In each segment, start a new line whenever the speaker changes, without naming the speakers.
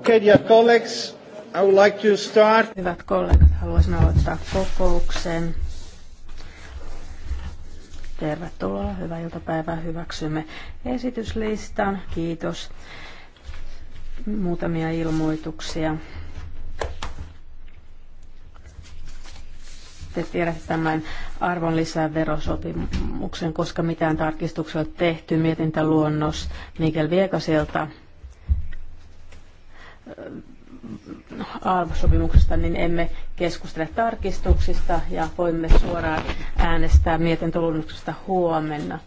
Okay, dear colleagues, I would like to start. Hyvät kollegat, haluaisin aloittaa kokouksen. Tervetuloa, hyvää iltapäivää, hyväksymme esityslistan. Kiitos. Muutamia ilmoituksia. Te tiedätte tämän arvonlisäverosopimuksen, koska mitään tarkistuksia ei tehty. luonnos Mikkel Viekaselta Arvosopimuksesta, niin emme keskustele tarkistuksista ja voimme suoraan äänestää mietintöluonnoksesta huomenna.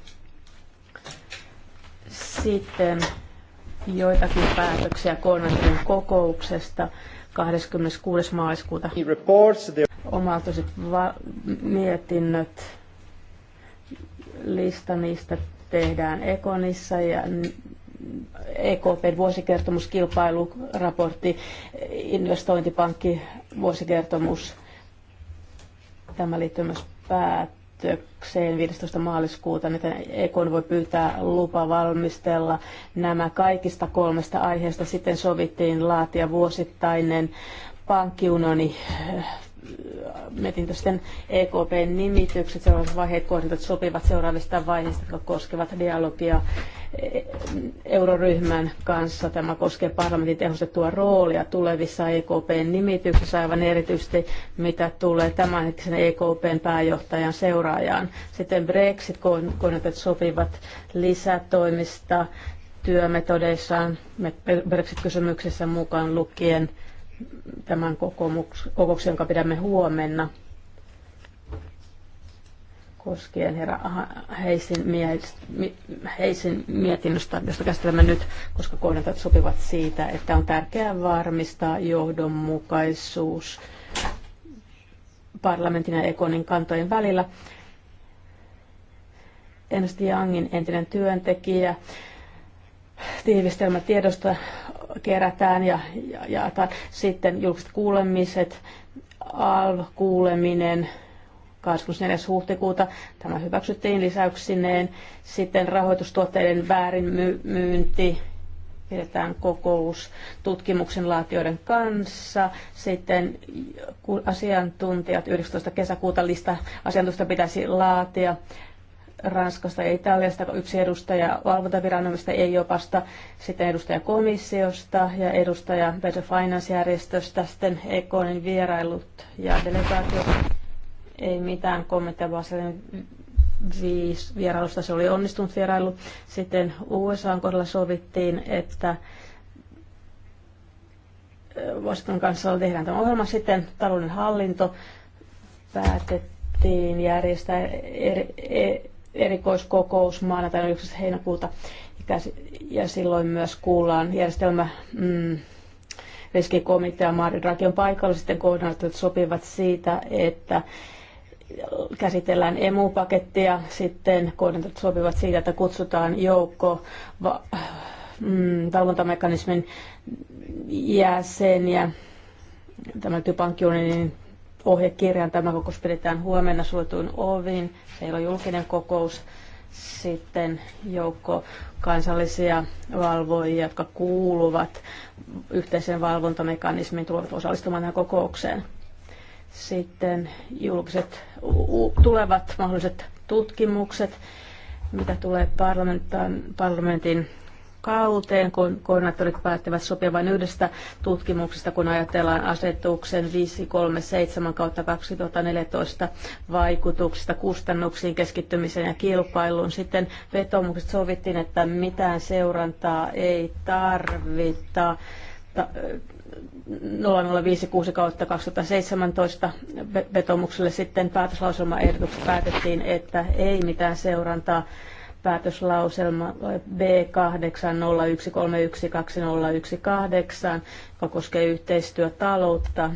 Sitten joitakin päätöksiä konvention kokouksesta 26. maaliskuuta. Omaltuiset mietinnöt, lista niistä tehdään Ekonissa ja EKP vuosikertomuskilpailuraportti, investointipankki, vuosikertomus. Tämä liittyy myös päätökseen 15. maaliskuuta, niin että EKN voi pyytää lupa valmistella nämä kaikista kolmesta aiheesta. Sitten sovittiin laatia vuosittainen pankkiunoni mietintö sitten EKPn nimitykset, seuraavat vaiheet kohdat sopivat seuraavista vaiheista, jotka koskevat dialogia eh, euroryhmän kanssa. Tämä koskee parlamentin tehostettua roolia tulevissa EKPn nimityksissä, aivan erityisesti mitä tulee tämänhetkisen EKPn pääjohtajan seuraajaan. Sitten Brexit kohdat sopivat lisätoimista työmetodeissaan Brexit-kysymyksessä mukaan lukien tämän kokouksen, jonka pidämme huomenna koskien herra Heisin, Heisin mietinnöstä, josta käsittelemme nyt, koska kohdentajat sopivat siitä, että on tärkeää varmistaa johdonmukaisuus parlamentin ja Ekonin kantojen välillä. Ernst Youngin entinen työntekijä tiivistelmä tiedosta kerätään ja jaetaan. Sitten julkiset kuulemiset, ALV-kuuleminen 24. huhtikuuta. Tämä hyväksyttiin lisäyksineen. Sitten rahoitustuotteiden väärinmyynti pidetään kokous tutkimuksen laatijoiden kanssa. Sitten asiantuntijat 19. kesäkuuta lista asiantuntijoista pitäisi laatia. Ranskasta ja Italiasta, yksi edustaja valvontaviranomaista EIOPasta, sitten edustaja komissiosta ja edustaja Better Finance-järjestöstä, sitten Ekonin vierailut ja delegaatio. Ei mitään kommentteja, vaan viisi vierailusta se oli onnistunut vierailu. Sitten USA:n kohdalla sovittiin, että Washington kanssa tehdään tämä ohjelma. Sitten talouden hallinto päätettiin järjestää eri, eri, erikoiskokous maanantaina 1. heinäkuuta ja silloin myös kuullaan järjestelmä mm, riskikomitea Maari Draghi on paikalla. Sitten että sopivat siitä, että käsitellään emu-pakettia. Sitten koordinaattorit sopivat siitä, että kutsutaan joukko va- mm, valvontamekanismin jäseniä tämän pankkiunionin ohjekirjan. Tämä kokous pidetään huomenna suotuin oviin Meillä on julkinen kokous. Sitten joukko kansallisia valvojia, jotka kuuluvat yhteiseen valvontamekanismiin, tulevat osallistumaan tähän kokoukseen. Sitten julkiset tulevat mahdolliset tutkimukset, mitä tulee parlamentin kauteen, kun koordinaattorit päättävät sopivan yhdestä tutkimuksesta, kun ajatellaan asetuksen 537 kautta 2014 vaikutuksista kustannuksiin, keskittymiseen ja kilpailuun. Sitten vetomukset sovittiin, että mitään seurantaa ei tarvita. 0056 kautta 2017 vetomukselle sitten päätöslauselmaehdotuksessa päätettiin, että ei mitään seurantaa päätöslauselma B801312018, joka koskee yhteistyötaloutta.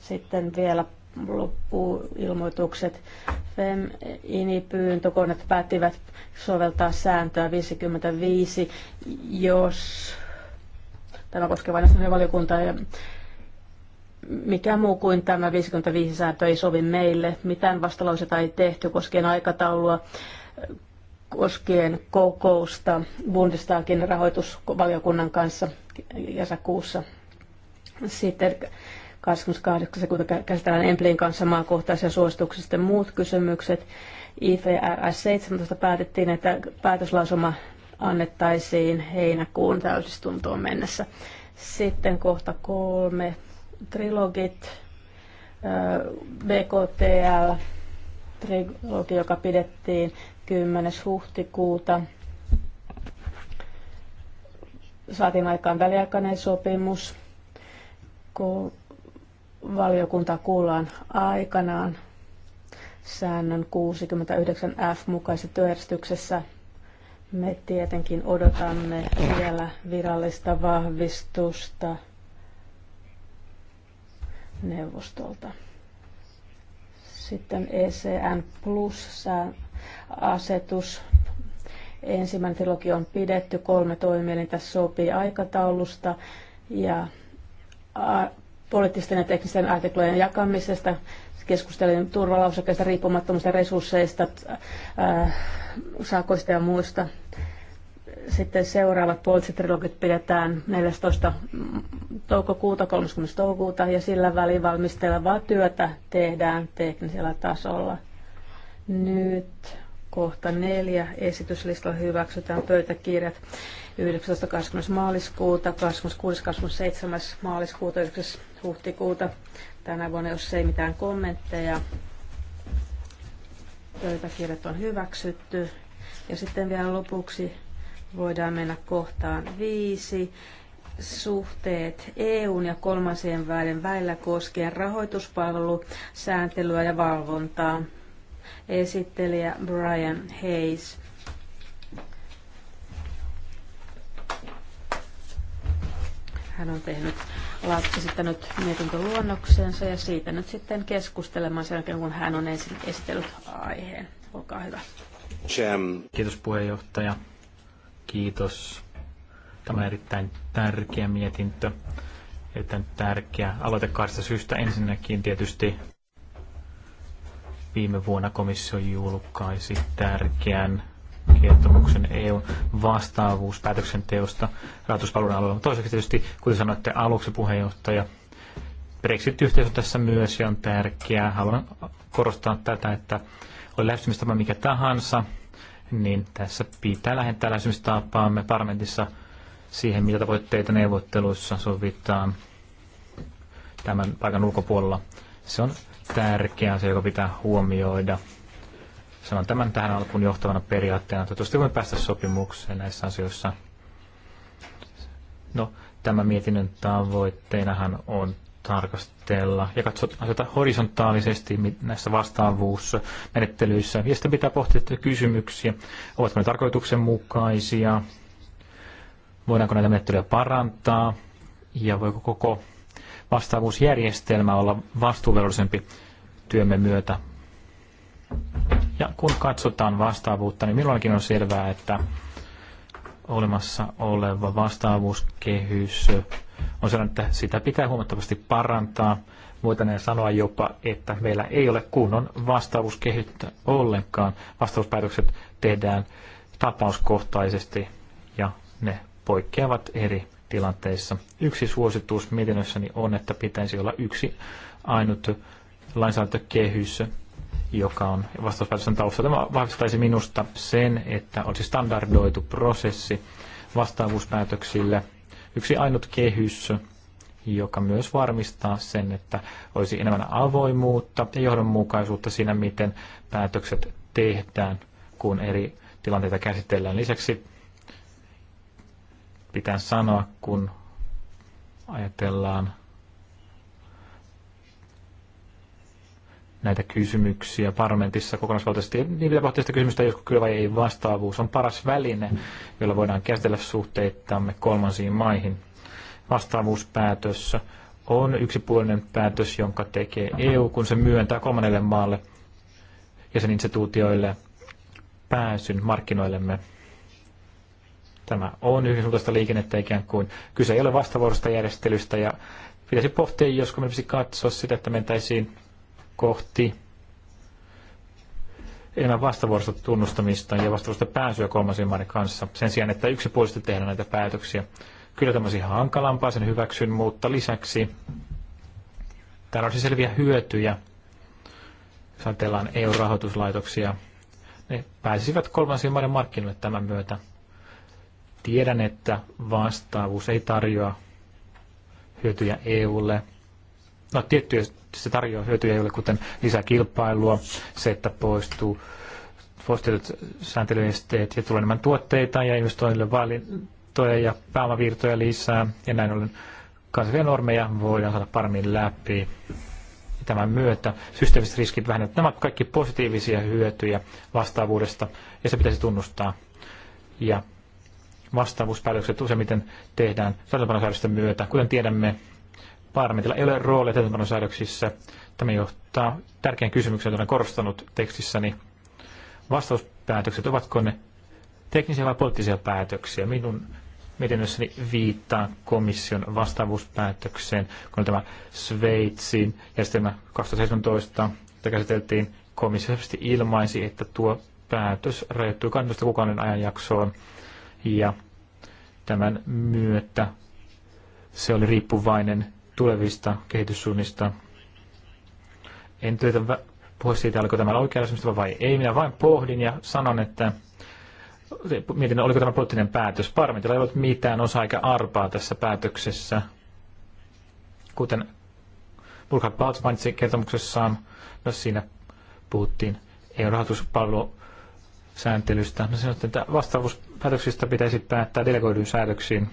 Sitten vielä loppuilmoitukset. FEM INI-pyyntökoneet päättivät soveltaa sääntöä 55, jos tämä koskee vain valiokuntaa ja mikä muu kuin tämä 55 sääntö ei sovi meille. Mitään vastalauseita ei tehty koskien aikataulua koskien kokousta Bundestagin rahoitusvaliokunnan kanssa kesäkuussa. Sitten 28. kun käsitellään Emplin kanssa maakohtaisia suosituksia, sitten muut kysymykset. IFRS 17 päätettiin, että päätöslausuma annettaisiin heinäkuun täysistuntoon mennessä. Sitten kohta kolme trilogit, BKTL, trilogi, joka pidettiin 10. huhtikuuta. Saatiin aikaan väliaikainen sopimus, kun valiokunta kuullaan aikanaan säännön 69F mukaisessa työjärjestyksessä. Me tietenkin odotamme vielä virallista vahvistusta neuvostolta. Sitten ECN plus asetus. Ensimmäinen trilogi on pidetty, kolme toimielintä sopii aikataulusta ja poliittisten ja teknisten artiklojen jakamisesta. Keskustelin turvalausekkeista, riippumattomista resursseista, sakoista ja muista. Sitten seuraavat poltsitrilogit pidetään 14. toukokuuta, 30. toukokuuta ja sillä välin valmistelevaa työtä tehdään teknisellä tasolla. Nyt kohta neljä esityslistalla hyväksytään pöytäkirjat 19.20. maaliskuuta, 26.27. maaliskuuta, 9. huhtikuuta tänä vuonna, jos ei mitään kommentteja. Pöytäkirjat on hyväksytty. Ja sitten vielä lopuksi voidaan mennä kohtaan viisi. Suhteet EUn ja kolmansien väiden välillä koskien rahoituspalvelusääntelyä ja valvontaa. Esittelijä Brian Hayes. Hän on tehnyt esittänyt mietintöluonnoksensa ja siitä nyt sitten keskustelemaan sen jälkeen, kun hän on ensin esitellyt aiheen. Olkaa hyvä.
Kiitos puheenjohtaja kiitos. Tämä on erittäin tärkeä mietintö, erittäin tärkeä aloite kahdesta syystä. Ensinnäkin tietysti viime vuonna komissio julkaisi tärkeän kertomuksen EUn vastaavuus päätöksenteosta rahoituspalvelun alueella. Toiseksi tietysti, kuten sanoitte aluksi puheenjohtaja, Brexit-yhteys on tässä myös ja on tärkeää. Haluan korostaa tätä, että oli lähestymistapa mikä tahansa, niin tässä pitää lähentää tapaamme parlamentissa siihen, mitä tavoitteita neuvotteluissa sovitaan tämän paikan ulkopuolella. Se on tärkeä asia, joka pitää huomioida. Sanon tämän tähän alkuun johtavana periaatteena. Toivottavasti voimme päästä sopimukseen näissä asioissa. No, tämän mietinnön tavoitteenahan on tarkastella ja katsoa asioita horisontaalisesti näissä vastaavuusmenettelyissä. Ja sitten pitää pohtia kysymyksiä, ovatko ne tarkoituksenmukaisia, voidaanko näitä menettelyjä parantaa ja voiko koko vastaavuusjärjestelmä olla vastuuvelvollisempi työmme myötä. Ja kun katsotaan vastaavuutta, niin milloinkin on selvää, että olemassa oleva vastaavuuskehys on sellainen, että sitä pitää huomattavasti parantaa. Voitaneen sanoa jopa, että meillä ei ole kunnon vastaavuuskehitystä ollenkaan. Vastauspäätökset tehdään tapauskohtaisesti ja ne poikkeavat eri tilanteissa. Yksi suositus mietinnössäni on, että pitäisi olla yksi ainut lainsäädäntökehys, joka on vastauspäätöksen taustalla. Tämä vahvistaisi minusta sen, että olisi standardoitu prosessi vastaavuuspäätöksille – yksi ainut kehys, joka myös varmistaa sen, että olisi enemmän avoimuutta ja johdonmukaisuutta siinä, miten päätökset tehdään, kun eri tilanteita käsitellään. Lisäksi pitää sanoa, kun ajatellaan näitä kysymyksiä parlamentissa kokonaisvaltaisesti. Niin pitää pohtia sitä kysymystä, josko kyllä vai ei vastaavuus on paras väline, jolla voidaan käsitellä suhteitamme kolmansiin maihin. Vastaavuuspäätössä on yksipuolinen päätös, jonka tekee EU, kun se myöntää kolmannelle maalle ja sen instituutioille pääsyn markkinoillemme. Tämä on yhdensuuntaista liikennettä ikään kuin. Kyse ei ole vastavuorosta järjestelystä ja pitäisi pohtia, josko me pitäisi katsoa sitä, että mentäisiin kohti enemmän vastavuorosta tunnustamista ja vastavuorosta pääsyä kolmansien maiden kanssa sen sijaan, että yksipuolisesti tehdään näitä päätöksiä. Kyllä tämä ihan hankalampaa, sen hyväksyn, mutta lisäksi täällä on siis selviä hyötyjä, jos ajatellaan EU-rahoituslaitoksia. Ne pääsisivät kolmansien maiden markkinoille tämän myötä. Tiedän, että vastaavuus ei tarjoa hyötyjä EUlle, no tiettyjä se tarjoaa hyötyjä joille, kuten kilpailua, se, että poistuu poistetut sääntelyesteet ja tulee enemmän tuotteita ja investoinnille valintoja ja pääomavirtoja lisää ja näin ollen kansallisia normeja voidaan saada paremmin läpi. Ja tämän myötä systeemiset riskit vähenevät. Nämä ovat kaikki positiivisia hyötyjä vastaavuudesta ja se pitäisi tunnustaa. Ja vastaavuuspäätökset useimmiten tehdään säätelypanosäädösten myötä. Kuten tiedämme, Parlamentilla ei ole roolia täytäntöpanosäädöksissä. Tämä johtaa tärkeän kysymyksen, jota olen korostanut tekstissäni. Vastauspäätökset, ovatko ne teknisiä vai poliittisia päätöksiä? Minun mietinnössäni viittaa komission vastaavuuspäätökseen, kun tämä Sveitsin järjestelmä 2017, jota käsiteltiin, komissio ilmaisi, että tuo päätös rajoittui 12 kuukauden ajanjaksoon ja tämän myötä se oli riippuvainen tulevista kehityssuunnista. En tietä puhu siitä, oliko tämä oikea vai ei. Minä vain pohdin ja sanon, että mietin, oliko tämä poliittinen päätös. Parlamentilla ei ollut mitään osaa eikä arpaa tässä päätöksessä. Kuten Burkhard Paltz mainitsi kertomuksessaan, myös siinä puhuttiin eu sääntelystä. No sanottiin, että vastaavuuspäätöksistä pitäisi päättää delegoidun säädöksiin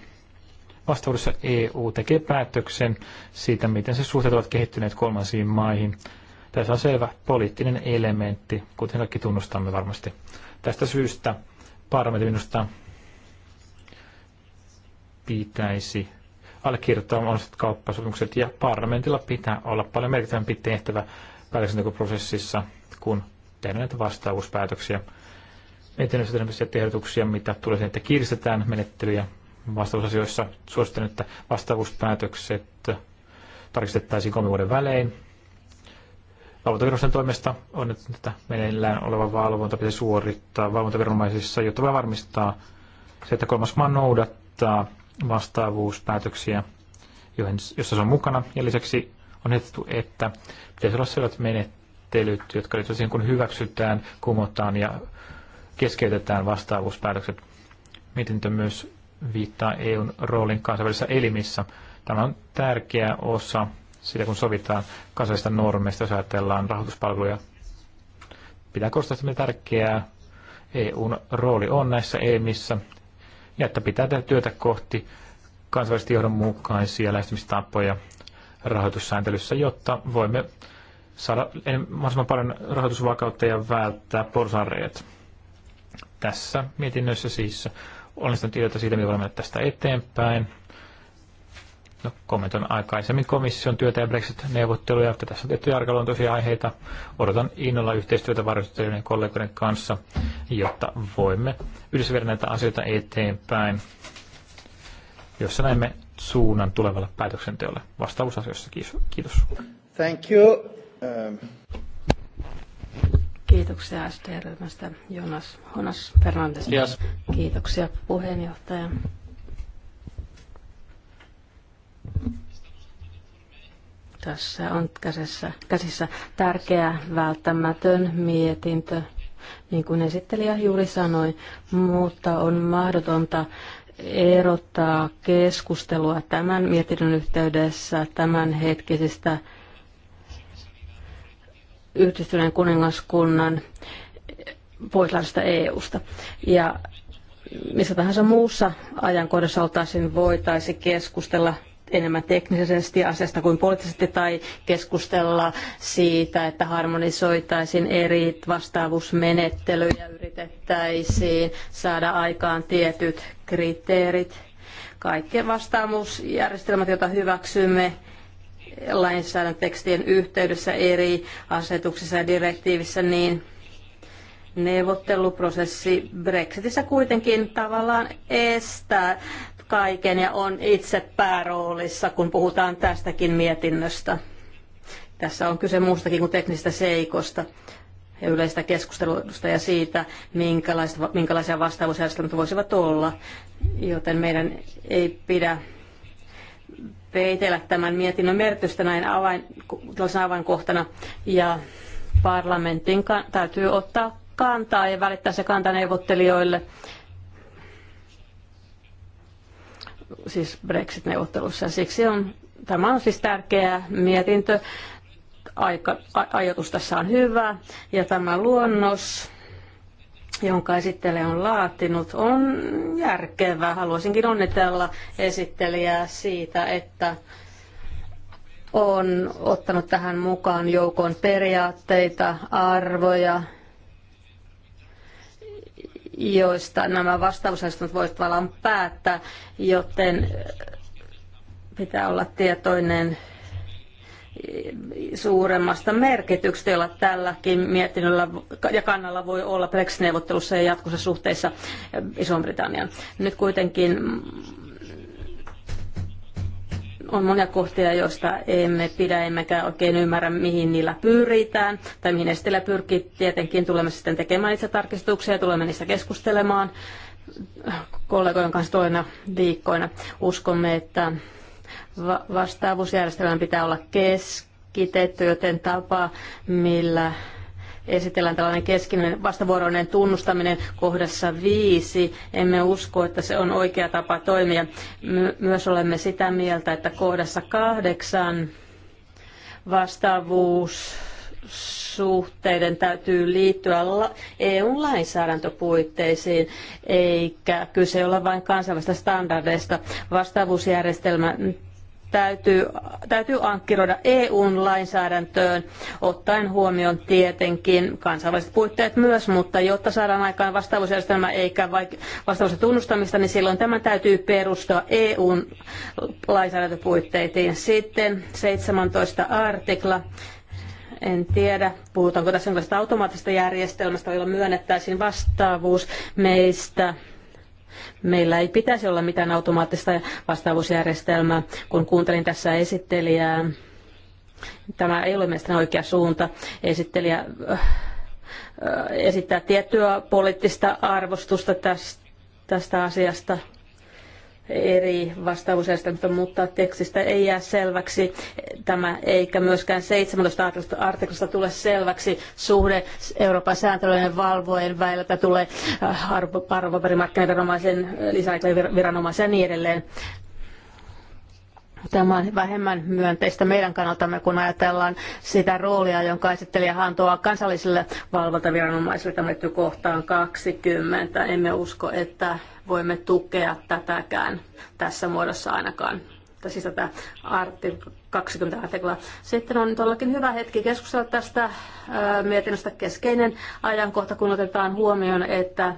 vastaavuudessa EU tekee päätöksen siitä, miten se suhteet ovat kehittyneet kolmansiin maihin. Tässä on selvä poliittinen elementti, kuten kaikki tunnustamme varmasti. Tästä syystä parlamentti minusta pitäisi allekirjoittaa mahdolliset kauppasopimukset ja parlamentilla pitää olla paljon merkittävämpi tehtävä päätöksentekoprosessissa, kun tehdään näitä vastaavuuspäätöksiä. Mietinnössä tehdään ehdotuksia, mitä tulee siihen, että kiristetään menettelyjä Vastausasioissa Suosittelen, että vastaavuuspäätökset tarkistettaisiin kolmen vuoden välein. Valvontaviranomaisten toimesta on, että meneillään oleva valvonta pitäisi suorittaa valvontaviranomaisissa, jotta voi varmistaa se, että kolmas maa noudattaa vastaavuuspäätöksiä, jossa se on mukana. Ja lisäksi on ehdotettu, että pitäisi olla sellaiset menettelyt, jotka liittyvät siihen, kun hyväksytään, kumotaan ja keskeytetään vastaavuuspäätökset. Mietintö myös viittaa EUn roolin kansainvälisissä elimissä. Tämä on tärkeä osa sitä, kun sovitaan kansallisista normeista, jos ajatellaan rahoituspalveluja. Pitää korostaa, että tärkeää EUn rooli on näissä elimissä ja että pitää tehdä työtä kohti kansainvälisesti johdonmukaisia lähestymistapoja rahoitussääntelyssä, jotta voimme saada mahdollisimman paljon rahoitusvakautta ja välttää porsareet. Tässä mietinnössä siis olen sitä tietoa siitä, millä voimme tästä eteenpäin. No, kommentoin aikaisemmin komission työtä ja Brexit-neuvotteluja, että tässä on tiettyjä arkaluontoisia aiheita. Odotan innolla yhteistyötä varjoittelijoiden kollegoiden kanssa, jotta voimme yhdessä viedä näitä asioita eteenpäin, jossa näemme suunnan tulevalle päätöksenteolle vastaavuusasioissa. Kiitos.
Thank you. Um... Kiitoksia sd ryhmästä Jonas Honas Fernandes. Yes. Kiitoksia puheenjohtaja. Tässä on käsissä, käsissä tärkeä, välttämätön mietintö, niin kuin esittelijä juuri sanoi, mutta on mahdotonta erottaa keskustelua tämän mietinnön yhteydessä tämänhetkisistä yhdistyneen kuningaskunnan poislaisesta EU-sta. Ja missä tahansa muussa ajankohdassa oltaisiin voitaisi keskustella enemmän teknisesti asiasta kuin poliittisesti tai keskustella siitä, että harmonisoitaisiin eri vastaavuusmenettelyjä, yritettäisiin saada aikaan tietyt kriteerit. Kaikki vastaavuusjärjestelmät, joita hyväksymme, lainsäädäntötekstien yhteydessä eri asetuksissa ja direktiivissä, niin neuvotteluprosessi Brexitissä kuitenkin tavallaan estää kaiken ja on itse pääroolissa, kun puhutaan tästäkin mietinnöstä. Tässä on kyse muustakin kuin teknisistä seikosta ja yleistä keskustelusta ja siitä, minkälaisia vastaavuusjärjestelmät voisivat olla, joten meidän ei pidä peitellä tämän mietinnön merkitystä näin avain, avainkohtana. Ja parlamentin täytyy ottaa kantaa ja välittää se kanta neuvottelijoille. Siis Brexit-neuvottelussa. Siksi on, tämä on siis tärkeä mietintö. Aika, a, ajatus tässä on hyvä. Ja tämä luonnos jonka esittelijä on laatinut, on järkevä. Haluaisinkin onnitella esittelijää siitä, että on ottanut tähän mukaan joukon periaatteita, arvoja, joista nämä vastausjärjestelmät voivat tavallaan päättää, joten pitää olla tietoinen suuremmasta merkityksestä, jolla tälläkin mietinnöllä ja kannalla voi olla Brexit-neuvottelussa ja jatkossa suhteissa Iso-Britannian. Nyt kuitenkin on monia kohtia, joista emme pidä emmekä oikein ymmärrä, mihin niillä pyritään tai mihin esitellä pyrkii. Tietenkin tulemme sitten tekemään itse tarkistuksia ja tulemme niistä keskustelemaan kollegojen kanssa toina viikkoina. Uskomme, että vastaavuusjärjestelmän pitää olla keskitetty, joten tapa, millä esitellään tällainen keskinen vastavuoroinen tunnustaminen kohdassa viisi. Emme usko, että se on oikea tapa toimia. My- myös olemme sitä mieltä, että kohdassa kahdeksan vastaavuus suhteiden täytyy liittyä EU-lainsäädäntöpuitteisiin, eikä kyse ole vain kansainvälistä standardeista. Vastaavuusjärjestelmä täytyy, täytyy ankkiroida eu lainsäädäntöön, ottaen huomioon tietenkin kansainväliset puitteet myös, mutta jotta saadaan aikaan vastaavuusjärjestelmä eikä vastaavuuden tunnustamista, niin silloin tämä täytyy perustua eu lainsäädäntöpuitteisiin. Sitten 17 artikla en tiedä, puhutaanko tässä jonkinlaista automaattisesta järjestelmästä, jolla myönnettäisiin vastaavuus meistä. Meillä ei pitäisi olla mitään automaattista vastaavuusjärjestelmää, kun kuuntelin tässä esittelijää. Tämä ei ole mielestäni oikea suunta. Esittelijä äh, äh, esittää tiettyä poliittista arvostusta tästä, tästä asiasta eri vastaavuusjärjestelmistä, mutta tekstistä ei jää selväksi tämä, eikä myöskään 17 artiklasta tule selväksi suhde Euroopan sääntelyjen valvojen välillä tulee äh, arvopaperimarkkinaviranomaisen äh, lisäaikaviranomaisen ja niin edelleen. Tämä on vähemmän myönteistä meidän kannaltamme, kun ajatellaan sitä roolia, jonka esittelijä hantoaa kansallisille valvontaviranomaisille. Tämä kohtaan 20. Emme usko, että voimme tukea tätäkään tässä muodossa ainakaan. siis tätä artikla 20 artiklaa. Sitten on todellakin hyvä hetki keskustella tästä mietinnöstä keskeinen ajankohta, kun otetaan huomioon, että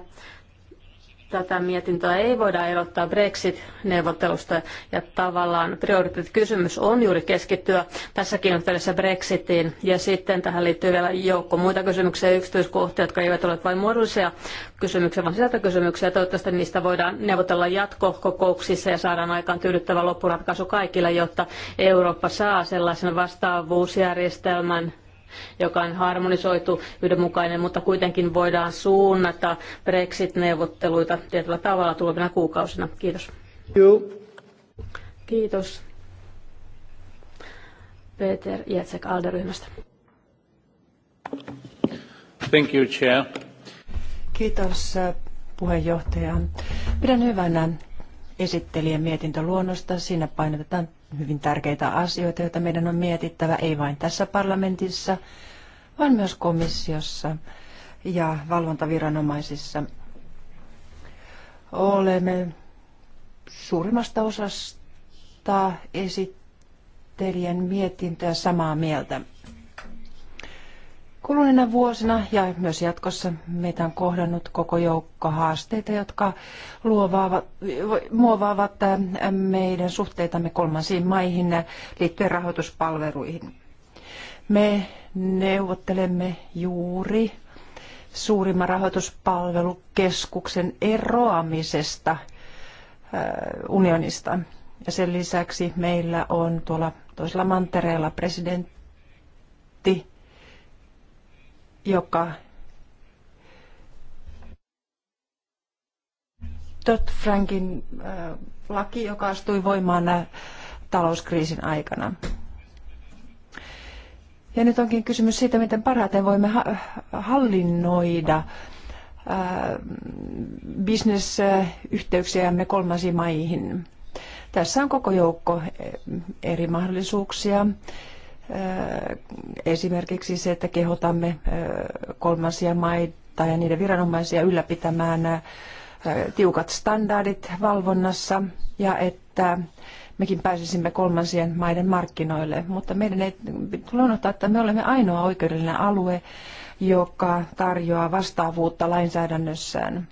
tätä mietintöä ei voida erottaa Brexit-neuvottelusta ja tavallaan prioriteettikysymys on juuri keskittyä tässäkin yhteydessä Brexitiin ja sitten tähän liittyy vielä joukko muita kysymyksiä ja yksityiskohtia, jotka eivät ole vain muodollisia kysymyksiä, vaan sisältökysymyksiä. Toivottavasti niistä voidaan neuvotella jatkokokouksissa ja saadaan aikaan tyydyttävä loppuratkaisu kaikille, jotta Eurooppa saa sellaisen vastaavuusjärjestelmän, joka on harmonisoitu, yhdenmukainen, mutta kuitenkin voidaan suunnata Brexit-neuvotteluita tietyllä tavalla tulevina kuukausina. Kiitos. Kiitos. Peter Jetsek Alderyhmästä.
Thank you, Chair.
Kiitos äh, puheenjohtaja. Pidän hyvänä esittelijän mietintöluonnosta. Siinä painotetaan hyvin tärkeitä asioita, joita meidän on mietittävä ei vain tässä parlamentissa, vaan myös komissiossa ja valvontaviranomaisissa. Olemme suurimmasta osasta esittelijän mietintöä samaa mieltä. Kuluneena vuosina ja myös jatkossa meitä on kohdannut koko joukko haasteita, jotka luovaavat, muovaavat äh, meidän suhteitamme kolmansiin maihin liittyen rahoituspalveluihin. Me neuvottelemme juuri suurimman rahoituspalvelukeskuksen eroamisesta äh, unionista. Ja sen lisäksi meillä on tuolla toisella mantereella presidentti joka Todd frankin äh, laki, joka astui voimaan äh, talouskriisin aikana. Ja nyt onkin kysymys siitä, miten parhaiten voimme hallinnoida äh, bisnesyhteyksiämme kolmansiin maihin. Tässä on koko joukko eri mahdollisuuksia Esimerkiksi se, että kehotamme kolmansia maita ja niiden viranomaisia ylläpitämään tiukat standardit valvonnassa ja että mekin pääsisimme kolmansien maiden markkinoille. Mutta meidän ei tule unohtaa, että me olemme ainoa oikeudellinen alue, joka tarjoaa vastaavuutta lainsäädännössään.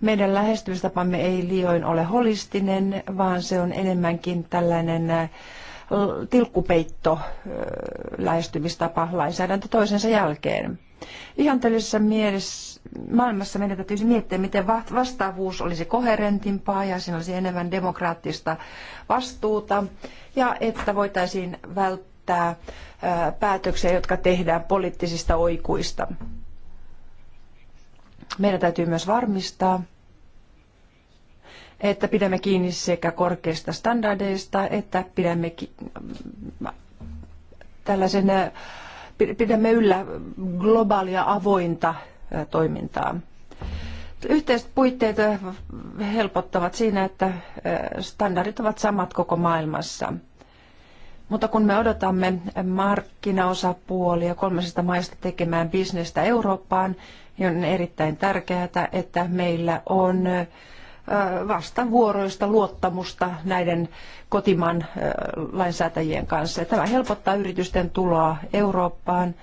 Meidän lähestymistapamme ei liioin ole holistinen, vaan se on enemmänkin tällainen tilkkupeitto lähestymistapa lainsäädäntö toisensa jälkeen. Ihanteellisessa mielessä, maailmassa meidän täytyisi miettiä, miten vastaavuus olisi koherentimpaa ja siinä olisi enemmän demokraattista vastuuta ja että voitaisiin välttää päätöksiä, jotka tehdään poliittisista oikuista. Meidän täytyy myös varmistaa, että pidämme kiinni sekä korkeista standardeista, että pidämme tällaisen, pidämme yllä globaalia avointa toimintaa. Yhteiset puitteet helpottavat siinä, että standardit ovat samat koko maailmassa. Mutta kun me odotamme markkinaosapuolia kolmesta maista tekemään bisnestä Eurooppaan, niin on erittäin tärkeää, että meillä on vastavuoroista luottamusta näiden kotimaan lainsäätäjien kanssa. Tämä helpottaa yritysten tuloa Eurooppaan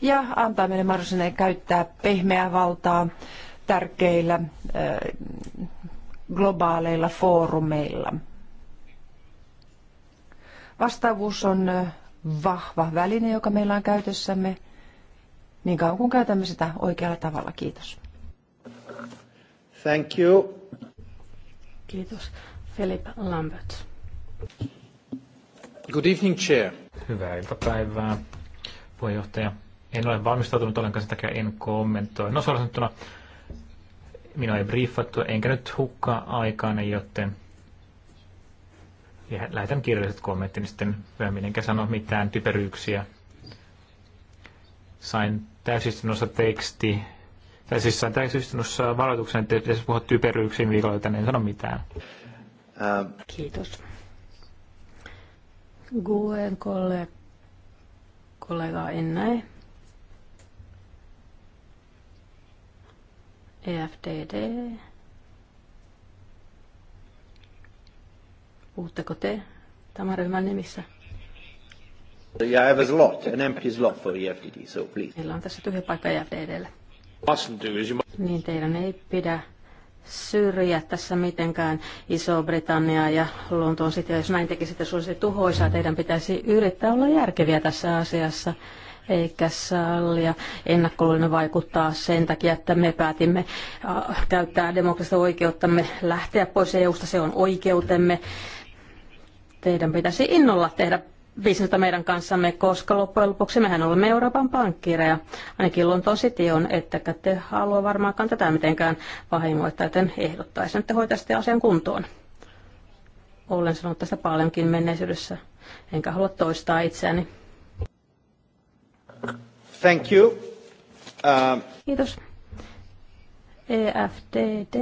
ja antaa meille mahdollisuuden käyttää pehmeää valtaa tärkeillä globaaleilla foorumeilla. Vastaavuus on vahva väline, joka meillä on käytössämme, niin kauan kuin käytämme sitä oikealla tavalla. Kiitos.
Thank you. Kiitos. Philip Lambert.
Good evening, Chair. Hyvää iltapäivää, puheenjohtaja. En ole valmistautunut ollenkaan, sen takia en kommentoi. No sanottuna, minua ei briefattu, enkä nyt hukkaa aikaani, joten lähetän kirjalliset kommenttini niin sitten myöhemmin, enkä sano mitään typeryyksiä. Sain täysistunnossa teksti tai siis sain täysistunnossa varoituksen, että pitäisi puhua typeryyksiin viikolla, joten en sano mitään. Ää... Ähm. Kiitos.
Guen kollega, en näe. EFDD. Puhutteko te tämän ryhmän nimissä?
Yeah, I have a slot, an empty slot for EFDD, so please.
Meillä on tässä tyhjä paikka EFDDlle. Niin teidän ei pidä syrjiä tässä mitenkään Iso-Britanniaa ja Lontoon sitten, jos näin tekisitte, se olisi tuhoisaa. Teidän pitäisi yrittää olla järkeviä tässä asiassa eikä sallia ennakkoluinen vaikuttaa sen takia, että me päätimme käyttää demokratista oikeuttamme lähteä pois EUsta, Se on oikeutemme. Teidän pitäisi innolla tehdä bisnestä meidän kanssamme, koska loppujen lopuksi mehän olemme Euroopan pankkiireja. Ainakin Lontoon City on, ettekä te halua varmaankaan tätä mitenkään vahingoittaa, joten ehdottaisin, että hoitaisitte asian kuntoon. Olen sanonut tästä paljonkin menneisyydessä, enkä halua toistaa itseäni. Thank
you. Uh...
Kiitos. EFDD.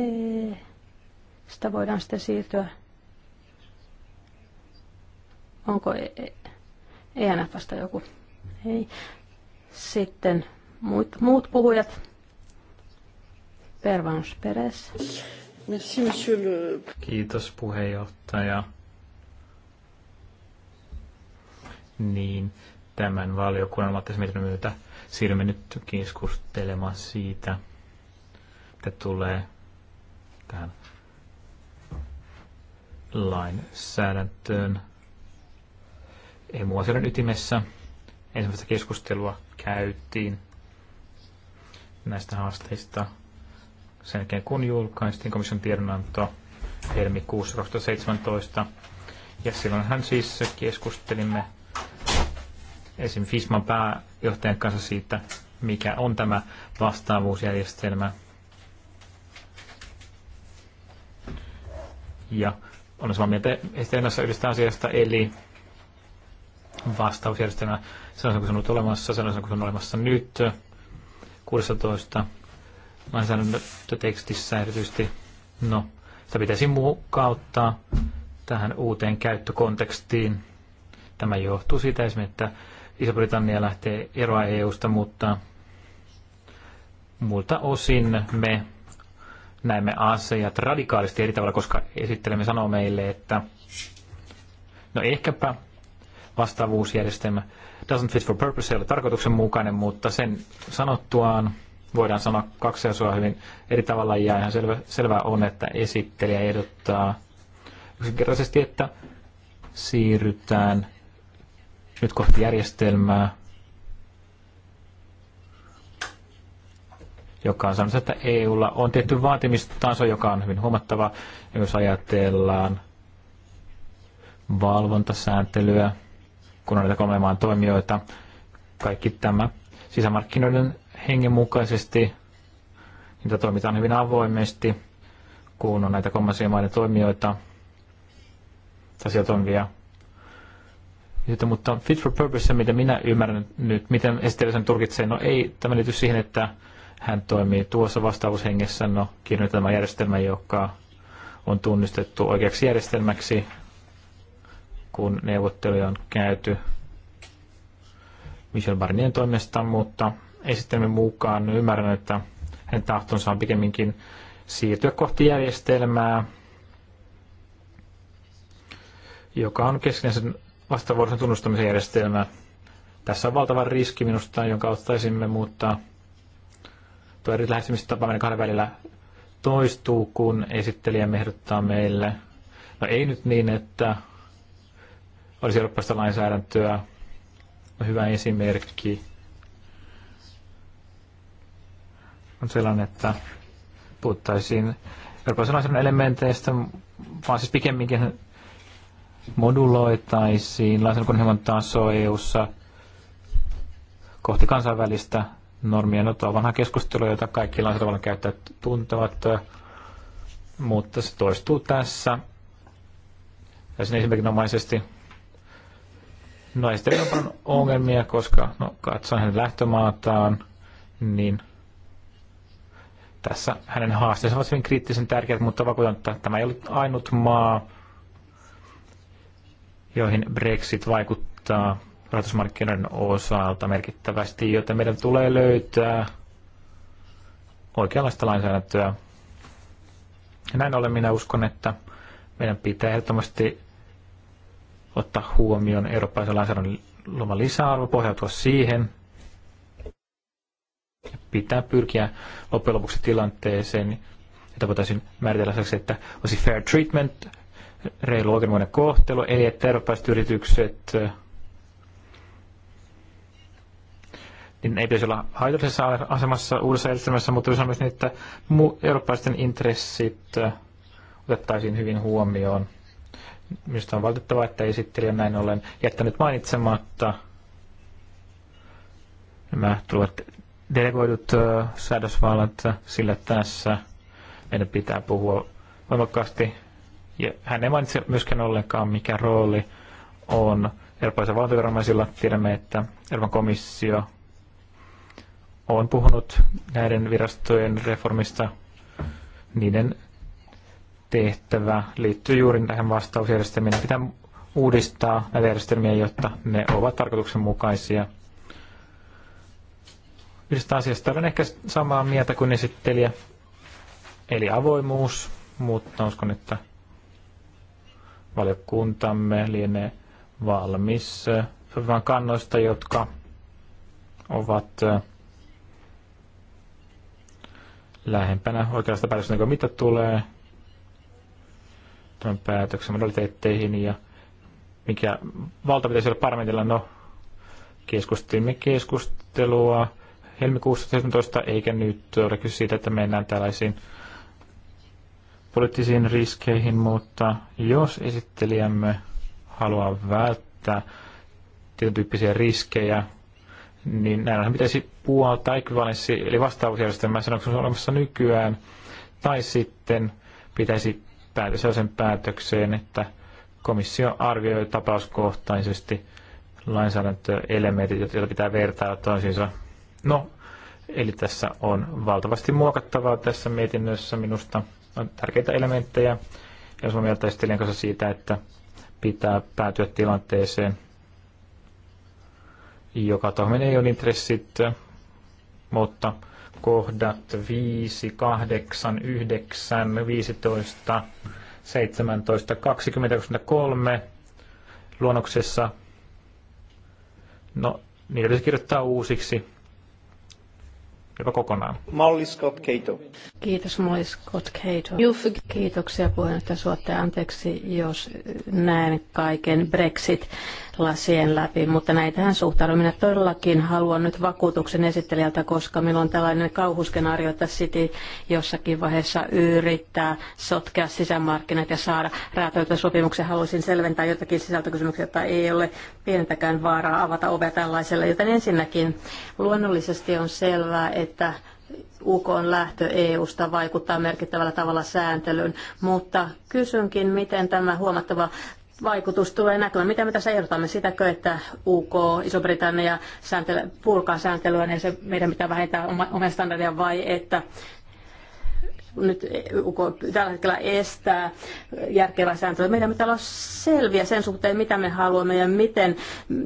Sitä voidaan sitten siirtyä onko e- ENFstä joku. Ei. Sitten muut, muut puhujat. Pervans Peres.
Merci, le...
Kiitos puheenjohtaja. Niin, tämän valiokunnan ammattilaismietinnön myötä siirrymme nyt keskustelemaan siitä, että tulee tähän lainsäädäntöön emu ytimessä. Ensimmäistä keskustelua käytiin näistä haasteista sen jälkeen, kun julkaistiin komission tiedonanto helmikuussa 2017. Ja silloinhan siis keskustelimme esim. FISMAn pääjohtajan kanssa siitä, mikä on tämä vastaavuusjärjestelmä. Ja olen samaa mieltä esittäjän yhdestä asiasta, eli vastausjärjestelmä sellaisena kuin se on ollut olemassa, sellaisena kuin se on olemassa nyt 16 tekstissä erityisesti. No, sitä pitäisi mukauttaa tähän uuteen käyttökontekstiin. Tämä johtuu siitä esimerkiksi, että Iso-Britannia lähtee eroa EUsta, mutta muilta osin me näemme asiat radikaalisti eri tavalla, koska esittelemme sanoo meille, että no ehkäpä vastaavuusjärjestelmä doesn't fit for purpose, ei ole tarkoituksenmukainen, mutta sen sanottuaan voidaan sanoa kaksi asiaa hyvin eri tavalla ja ihan selvä, selvää on, että esittelijä ehdottaa yksinkertaisesti, että siirrytään nyt kohti järjestelmää, joka on sanonut, että EUlla on tietty vaatimistaso, joka on hyvin huomattava, jos ajatellaan valvontasääntelyä, kun on näitä kolmen maan toimijoita. Kaikki tämä sisämarkkinoiden hengen mukaisesti, niitä toimitaan hyvin avoimesti, kun on näitä kolmansien maiden toimijoita, tai sieltä on vielä Sitten, mutta fit for purpose, mitä minä ymmärrän nyt, miten esittelijä sen tulkitsee, no ei, tämä liity siihen, että hän toimii tuossa vastaavuushengessä, no kirjoitetaan järjestelmä, joka on tunnistettu oikeaksi järjestelmäksi, kun neuvotteluja on käyty Michel Barnien toimesta, mutta esittelemme mukaan ymmärrän, että hänen tahtonsa on pikemminkin siirtyä kohti järjestelmää, joka on keskinäisen vastavuoroisen tunnustamisen järjestelmä. Tässä on valtava riski minusta, jonka ottaisimme, mutta tuo eri lähestymistapa meidän kahden välillä toistuu, kun esittelijä ehdottaa meille. No ei nyt niin, että olisi eurooppalaista lainsäädäntöä. hyvä esimerkki on sellainen, että puhuttaisiin eurooppalaisen lainsäädännön elementeistä, vaan siis pikemminkin moduloitaisiin lainsäädännön taso EU-ssa kohti kansainvälistä normien otoa. Vanha keskustelu, jota kaikki lainsäädännön käyttäjät tuntevat, mutta se toistuu tässä. Ja sen esimerkinomaisesti No ei sitten ole paljon ongelmia, koska no, katsoin hänen lähtömaataan, niin tässä hänen haasteensa ovat hyvin kriittisen tärkeät, mutta vakuutan, että tämä ei ollut ainut maa, joihin Brexit vaikuttaa rahoitusmarkkinoiden osalta merkittävästi, joten meidän tulee löytää oikeanlaista lainsäädäntöä. Ja näin ollen minä uskon, että meidän pitää ehdottomasti ottaa huomioon eurooppalaisen lainsäädännön luoma lisäarvo, pohjautua siihen. Pitää pyrkiä loppujen lopuksi tilanteeseen, että voitaisiin määritellä sellaiseksi, että olisi fair treatment, reilu oikeudenmukainen kohtelu, eli että eurooppalaiset yritykset niin ei pitäisi olla haitallisessa asemassa uudessa järjestelmässä, mutta myös niin, että eurooppalaisten intressit otettaisiin hyvin huomioon mistä on valitettavaa, että esittelijä näin ollen jättänyt mainitsematta nämä tulevat delegoidut säädösvallat, sillä tässä meidän pitää puhua voimakkaasti. Ja hän ei mainitse myöskään ollenkaan, mikä rooli on Euroopan valtioviranomaisilla. Tiedämme, että Euroopan komissio on puhunut näiden virastojen reformista niiden tehtävä liittyy juuri tähän vastausjärjestelmiin. Pitää uudistaa näitä järjestelmiä, jotta ne ovat tarkoituksenmukaisia. Yhdestä asiasta olen ehkä samaa mieltä kuin esittelijä, eli avoimuus, mutta uskon, että valiokuntamme lienee valmis sopivan kannoista, jotka ovat lähempänä oikeasta päätöksentekoa, mitä tulee tämän päätöksen modaliteetteihin ja mikä valta pitäisi olla parlamentilla. No, keskustelimme keskustelua helmikuussa 17, eikä nyt ole kyse siitä, että mennään tällaisiin poliittisiin riskeihin, mutta jos esittelijämme haluaa välttää tietyn tyyppisiä riskejä, niin näinhän pitäisi tai ekvivalenssi, eli vastaavuusjärjestelmää, sanoiko se olemassa nykyään, tai sitten pitäisi päätös sen päätökseen, että komissio arvioi tapauskohtaisesti lainsäädäntöelementit, joita pitää vertailla toisiinsa. No, eli tässä on valtavasti muokattavaa tässä mietinnössä minusta. On tärkeitä elementtejä. Ja jos mieltä kanssa siitä, että pitää päätyä tilanteeseen, joka toimii ei ole intressit, mutta kohdat 5, 8, 9, 15, 17, 20, 23 luonnoksessa. No, niitä pitäisi kirjoittaa uusiksi. Jopa kokonaan. Molly Scott Cato.
Kiitos Molly Scott Cato. Kiitoksia puheenjohtaja Suotte. Anteeksi, jos näen kaiken Brexit lasien läpi, mutta näitähän suhtaudun. Minä todellakin haluan nyt vakuutuksen esittelijältä, koska minulla on tällainen kauhuskenaario, että City jossakin vaiheessa yrittää sotkea sisämarkkinat ja saada räätöitä sopimuksen. Haluaisin selventää jotakin sisältökysymyksiä, että ei ole pientäkään vaaraa avata ovea tällaiselle. Joten ensinnäkin luonnollisesti on selvää, että UK on lähtö EUsta vaikuttaa merkittävällä tavalla sääntelyyn, mutta kysynkin, miten tämä huomattava vaikutus tulee näkymään. Mitä me tässä ehdotamme? Sitäkö, että UK, Iso-Britannia sääntely, purkaa sääntelyä, niin se meidän pitää vähentää omia standardeja vai että nyt UK tällä hetkellä estää järkevää sääntöä. Meidän pitää olla selviä sen suhteen, mitä me haluamme ja miten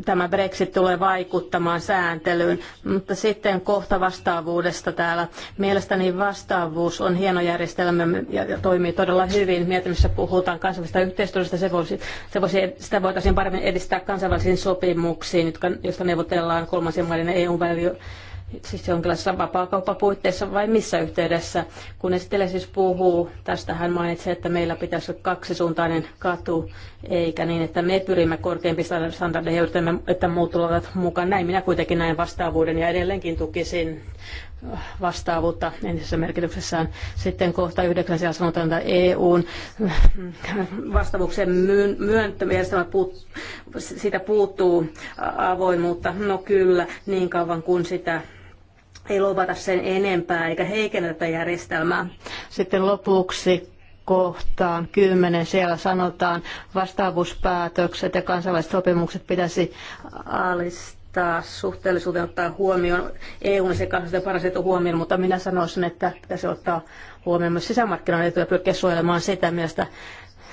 tämä Brexit tulee vaikuttamaan sääntelyyn. Mutta sitten kohta vastaavuudesta täällä. Mielestäni vastaavuus on hieno järjestelmä ja toimii todella hyvin. Mietinnössä puhutaan kansainvälisestä yhteistyöstä. Se voisi, se voisi, sitä voitaisiin paremmin edistää kansainvälisiin sopimuksiin, jotka, joista neuvotellaan kolmansien maiden EU-välillä siis jonkinlaisessa vapaakauppapuitteissa vai missä yhteydessä. Kun esittelijä siis puhuu, tästä hän mainitsi, että meillä pitäisi olla kaksisuuntainen katu, eikä niin, että me pyrimme korkeampiin standardeihin ja yritämme, että muut tulevat mukaan. Näin minä kuitenkin näin vastaavuuden ja edelleenkin tukisin vastaavuutta entisessä merkityksessään. Sitten kohta yhdeksän siellä sanotaan, että EUn vastaavuuksien myöntämistä siitä puuttuu avoimuutta. No kyllä, niin kauan kuin sitä ei lopata sen enempää eikä heikennetä tätä järjestelmää. Sitten lopuksi kohtaan kymmenen Siellä sanotaan, vastaavuuspäätökset ja kansainväliset sopimukset pitäisi alistaa suhteellisuuteen ottaa huomioon EUn sekä kansallisten parasetu huomioon, mutta minä sanoisin, että pitäisi ottaa huomioon myös sisämarkkinoiden etuja pyrkiä suojelemaan sitä mielestä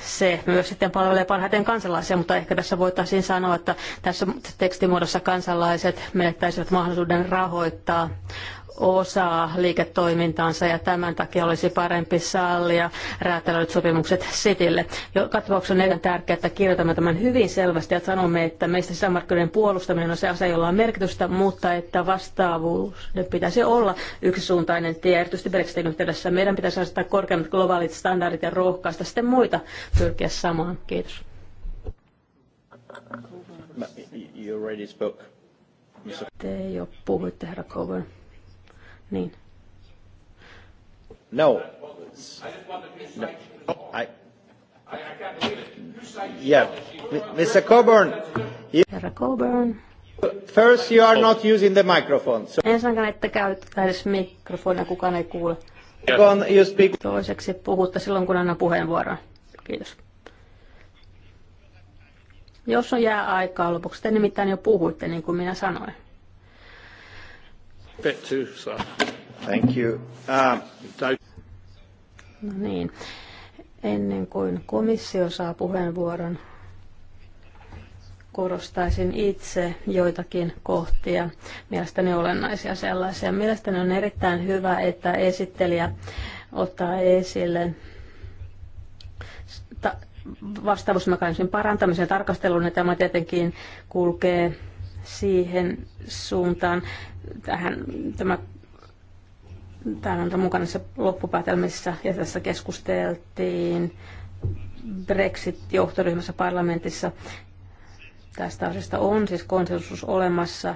se myös sitten palvelee parhaiten kansalaisia, mutta ehkä tässä voitaisiin sanoa, että tässä tekstimuodossa kansalaiset menettäisivät mahdollisuuden rahoittaa osaa liiketoimintaansa ja tämän takia olisi parempi sallia räätälöidyt sopimukset Sitille. Joka tapauksessa on erittäin tärkeää, että kirjoitamme tämän hyvin selvästi ja sanomme, että meistä sisämarkkinoiden puolustaminen on se asia, jolla on merkitystä, mutta että vastaavuus pitäisi olla yksisuuntainen tie. Erityisesti Brexitin yhteydessä meidän pitäisi asettaa korkeammat globaalit standardit ja rohkaista sitten muita pyrkiä samaan. Kiitos. Te jo puhuitte, herra Coburn. Niin.
No.
no. I... Yeah. Mr. Coburn.
Herra Coburn. First you are not using the microphone. So... Ensinnäkin, että käytetään edes mikrofonia, kukaan ei kuule. speak. Toiseksi puhutte silloin, kun annan puheenvuoron. Kiitos. Jos on jää aikaa lopuksi, te nimittäin jo puhuitte, niin kuin minä sanoin
bit too Thank you. Uh,
no niin. Ennen kuin komissio saa puheenvuoron, korostaisin itse joitakin kohtia, mielestäni olennaisia sellaisia. Mielestäni on erittäin hyvä, että esittelijä ottaa esille vastaavuusmekanismin parantamisen ja tarkastelun, ja tämä tietenkin kulkee siihen suuntaan. Tähän, tämä, tämä on mukana se loppupäätelmissä ja tässä keskusteltiin Brexit-johtoryhmässä parlamentissa. Tästä asiasta on siis konsensus olemassa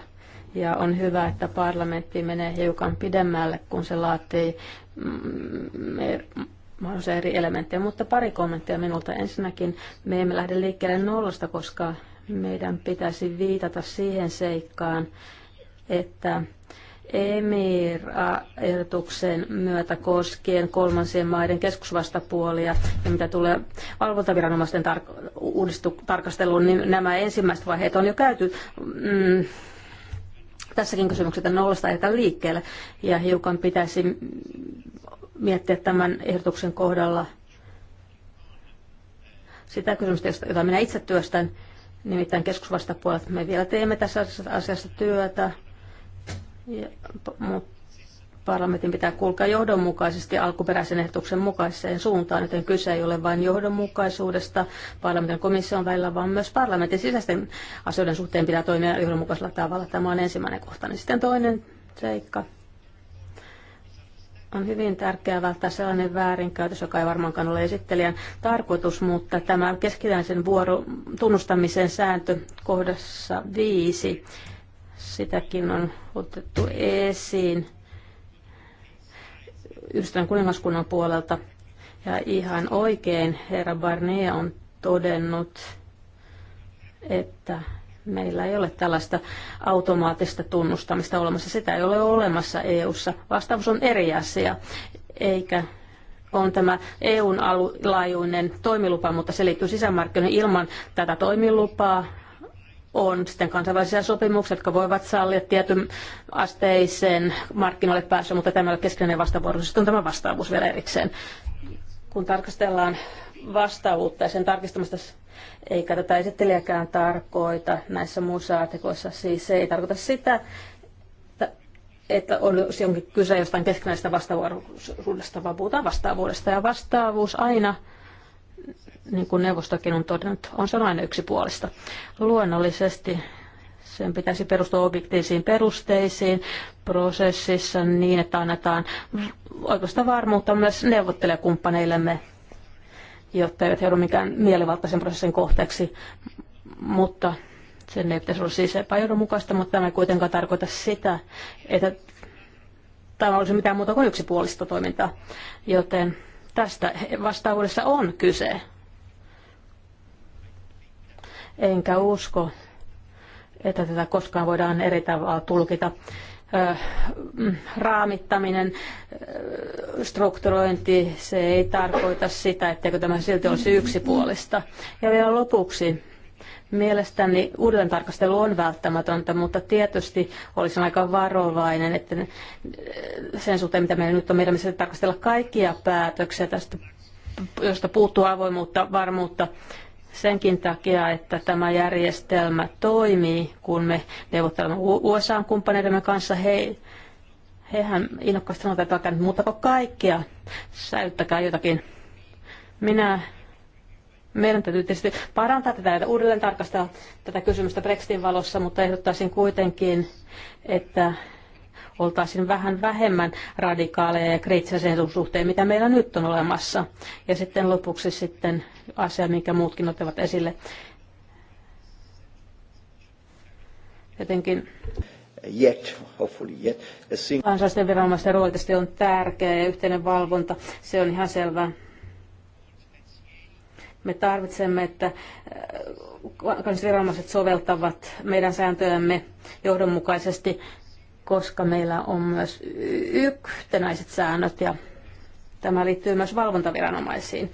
ja on hyvä, että parlamentti menee hiukan pidemmälle, kun se laatii mm, mahdollisia eri elementtejä, mutta pari kommenttia minulta. Ensinnäkin me emme lähde liikkeelle nollasta, koska meidän pitäisi viitata siihen seikkaan, että EMIR-ehdotuksen myötä koskien kolmansien maiden keskusvastapuolia ja mitä tulee valvontaviranomaisten tar- uudistustarkasteluun, tarkasteluun, niin nämä ensimmäiset vaiheet on jo käyty. Mm, tässäkin kysymyksessä nollasta ajetaan liikkeelle ja hiukan pitäisi miettiä tämän ehdotuksen kohdalla sitä kysymystä, jota minä itse työstän, nimittäin keskusvastapuolet. Me vielä teemme tässä asiassa työtä, mutta parlamentin pitää kulkea johdonmukaisesti alkuperäisen ehdotuksen mukaiseen suuntaan, joten kyse ei ole vain johdonmukaisuudesta parlamentin komission välillä, vaan myös parlamentin sisäisten asioiden suhteen pitää toimia johdonmukaisella tavalla. Tämä on ensimmäinen kohta. Niin sitten toinen seikka. On hyvin tärkeää välttää sellainen väärinkäytös, joka ei varmaankaan ole esittelijän tarkoitus, mutta tämä keskinäisen vuoro tunnustamisen sääntö kohdassa viisi, sitäkin on otettu esiin Yhdistyneen kuningaskunnan puolelta. Ja ihan oikein herra Barnea on todennut, että Meillä ei ole tällaista automaattista tunnustamista olemassa. Sitä ei ole olemassa EU:ssa. Vastaus on eri asia, eikä on tämä EUn laajuinen toimilupa, mutta se liittyy sisämarkkinoihin ilman tätä toimilupaa. On sitten kansainvälisiä sopimuksia, jotka voivat sallia tietyn asteisen markkinoille pääsy, mutta tämä ei ole keskeinen vastavuoroisuus. Sitten on tämä vastaavuus vielä erikseen kun tarkastellaan vastaavuutta ja sen tarkistamista, eikä tätä esittelijäkään tarkoita näissä muissa artikoissa. Siis se ei tarkoita sitä, että olisi jonkin kyse jostain keskinäisestä vastaavuudesta, vaan puhutaan vastaavuudesta. Ja vastaavuus aina, niin kuin neuvostokin on todennut, on se aina yksipuolista. Luonnollisesti sen pitäisi perustua objektiivisiin perusteisiin prosessissa niin, että annetaan oikeastaan varmuutta myös neuvottelijakumppaneillemme jotta eivät joudu mikään mielivaltaisen prosessin kohteeksi, mutta sen ei pitäisi olla siis epäjohdonmukaista, mutta tämä ei kuitenkaan tarkoita sitä, että tämä olisi mitään muuta kuin yksipuolista toimintaa, joten tästä vastaavuudessa on kyse. Enkä usko, että tätä koskaan voidaan eri tavalla tulkita raamittaminen, strukturointi, se ei tarkoita sitä, etteikö tämä silti olisi yksipuolista. Ja vielä lopuksi, mielestäni uudelleen tarkastelu on välttämätöntä, mutta tietysti olisin aika varovainen, että sen suhteen, mitä meillä nyt on, meidän tarkastella kaikkia päätöksiä tästä josta puuttuu avoimuutta, varmuutta senkin takia, että tämä järjestelmä toimii, kun me neuvottelemme USA-kumppaneidemme kanssa. He, hehän innokkaasti sanovat, että älkää nyt kaikkea, säyttäkää jotakin. Minä meidän täytyy tietysti parantaa tätä ja uudelleen tarkastaa tätä kysymystä Brexitin valossa, mutta ehdottaisin kuitenkin, että oltaisiin vähän vähemmän radikaaleja ja kriittisiä sen suhteen, mitä meillä nyt on olemassa. Ja sitten lopuksi sitten asia, minkä muutkin ottavat esille. Jotenkin
yet, hopefully yet.
Kansallisten viranomaisten rooli on tärkeä ja yhteinen valvonta, se on ihan selvää. Me tarvitsemme, että äh, kansalliset viranomaiset soveltavat meidän sääntöjämme johdonmukaisesti koska meillä on myös yhtenäiset säännöt ja tämä liittyy myös valvontaviranomaisiin.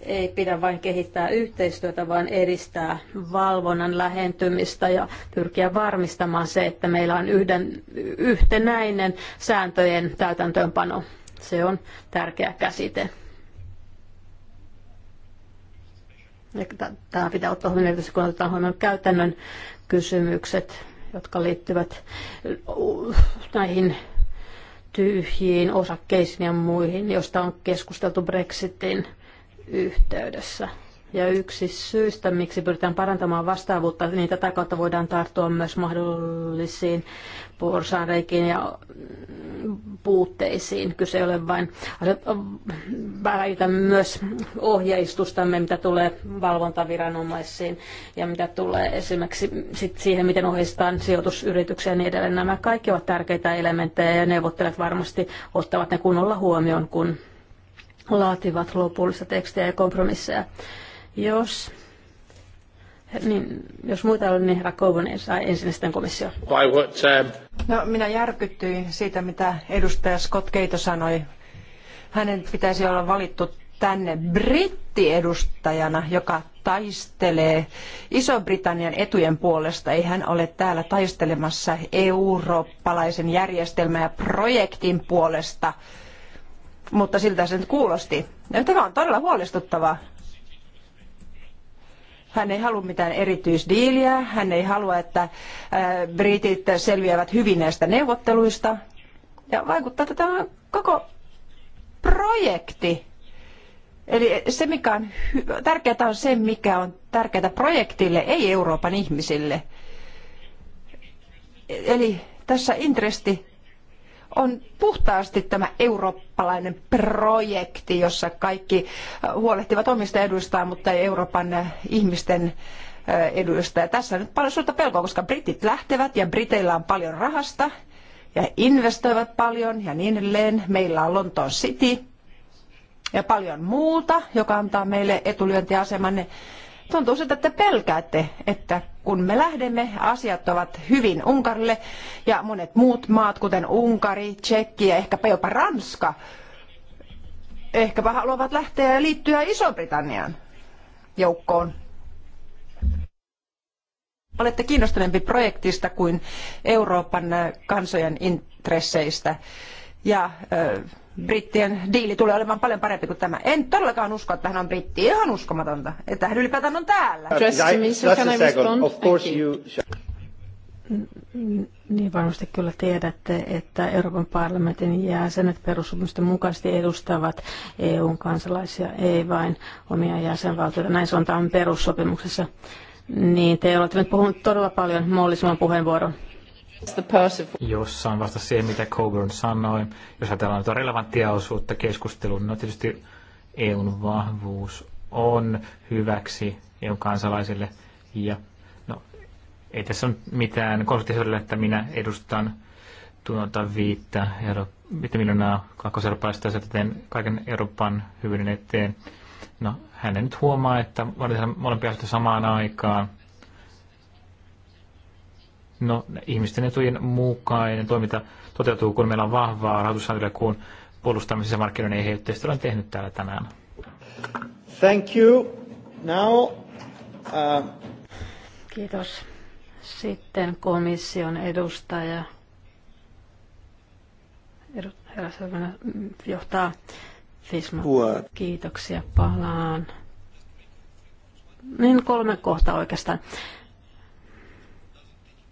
Ei pidä vain kehittää yhteistyötä, vaan edistää valvonnan lähentymistä ja pyrkiä varmistamaan se, että meillä on yhden, yhtenäinen sääntöjen täytäntöönpano. Se on tärkeä käsite. Tämä pitää ottaa huomioon, kun otetaan huomioon käytännön kysymykset jotka liittyvät näihin tyhjiin osakkeisiin ja muihin, joista on keskusteltu Brexitin yhteydessä. Ja yksi syystä, miksi pyritään parantamaan vastaavuutta, niin tätä kautta voidaan tarttua myös mahdollisiin porsaanreikiin ja mm, puutteisiin. Kyse ei ole vain, myös ohjeistustamme, mitä tulee valvontaviranomaisiin ja mitä tulee esimerkiksi sit siihen, miten ohjeistetaan sijoitusyrityksiä ja niin edelleen. Nämä kaikki ovat tärkeitä elementtejä ja neuvottelijat varmasti ottavat ne kunnolla huomioon, kun laativat lopullista tekstiä ja kompromisseja. Jos, niin, jos muita on,
niin herra Kouvun ensin sitten komissio.
Um,
no, minä järkyttyin siitä, mitä edustaja Scott Keito sanoi. Hänen pitäisi olla valittu tänne brittiedustajana, joka taistelee Iso-Britannian etujen puolesta. Ei hän ole täällä taistelemassa eurooppalaisen järjestelmän ja projektin puolesta, mutta siltä se nyt kuulosti. Ja tämä on todella huolestuttavaa. Hän ei halua mitään erityisdiiliä, hän ei halua, että britit selviävät hyvin näistä neuvotteluista. Ja vaikuttaa että tämä koko projekti. Eli se, mikä on tärkeää, on se, mikä on tärkeää projektille, ei Euroopan ihmisille. Eli tässä intresti on puhtaasti tämä eurooppalainen projekti, jossa kaikki äh, huolehtivat omista eduistaan, mutta ei Euroopan äh, ihmisten äh, eduista. Ja tässä on nyt paljon suurta pelkoa, koska britit lähtevät ja briteillä on paljon rahasta ja investoivat paljon ja niin edelleen. Meillä on Lontoon City ja paljon muuta, joka antaa meille etulyöntiaseman Tuntuu siltä, että pelkäätte, että kun me lähdemme, asiat ovat hyvin Unkarille ja monet muut maat, kuten Unkari, Tsekki ja ehkäpä jopa Ranska, ehkäpä haluavat lähteä ja liittyä Iso-Britannian joukkoon. Olette kiinnostuneempi projektista kuin Euroopan kansojen intresseistä ja brittien diili tulee olemaan paljon parempi kuin tämä. En todellakaan usko, että hän on britti. Ihan uskomatonta, että hän ylipäätään on täällä.
Niin varmasti kyllä tiedätte, että Euroopan parlamentin jäsenet perussopimusten mukaisesti edustavat EUn kansalaisia, ei vain omia jäsenvaltioita. Näin tämän perussopimuksessa. Niin, te olette nyt puhunut todella paljon. Molli, puheenvuoron.
Jossa on vasta se, mitä Coburn sanoi. Jos ajatellaan tuota relevanttia osuutta keskusteluun, no tietysti EUn vahvuus on hyväksi EUn kansalaisille. Ja no, ei tässä ole mitään konsulttisuudelle, että minä edustan tuota viittä, euro, viittä miljoonaa kakkoseurooppalaista ja teen kaiken Euroopan hyvyyden eteen. No, hän ei nyt huomaa, että molempia asioita samaan aikaan no, ihmisten etujen mukainen toiminta toteutuu, kun meillä on vahvaa rahoitushallintoa, kun puolustamisessa markkinoiden eheytteistä olen tehnyt täällä tänään.
Thank you. Now, uh... Kiitos. Sitten komission edustaja herra Selvänä mm, johtaa FISMA. Kiitoksia. Palaan. Niin kolme kohtaa oikeastaan.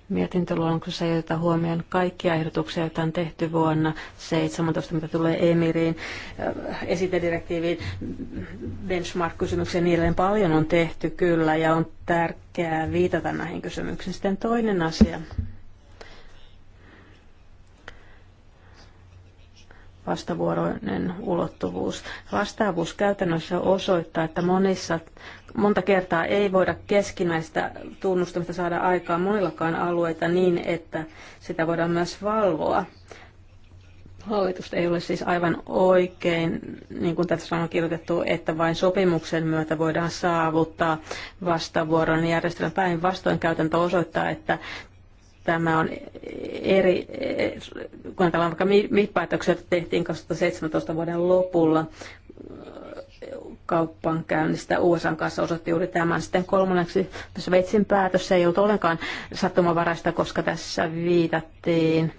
Mietintöluonnoksessa ei oteta huomioon kaikkia ehdotuksia, joita on tehty vuonna 17, mitä tulee EMIRiin, äh, esitedirektiiviin, benchmark-kysymyksiin ja niin Paljon on tehty kyllä ja on tärkeää viitata näihin kysymyksiin. Sitten toinen asia, vastavuoroinen ulottuvuus. Vastaavuus käytännössä osoittaa, että monissa, monta kertaa ei voida keskinäistä tunnustamista saada aikaan monillakaan alueita niin, että sitä voidaan myös valvoa. Hallitus ei ole siis aivan oikein, niin kuin tässä on kirjoitettu, että vain sopimuksen myötä voidaan saavuttaa vastavuoron järjestelmä. Päinvastoin käytäntö osoittaa, että Tämä on eri, kun ajatellaan vaikka MIP-päätöksiä tehtiin 2017 vuoden lopulla, kauppankäynnistä USA kanssa osoitti juuri tämän. Sitten kolmanneksi Sveitsin päätös ei ollut ollenkaan sattumavaraista, koska tässä viitattiin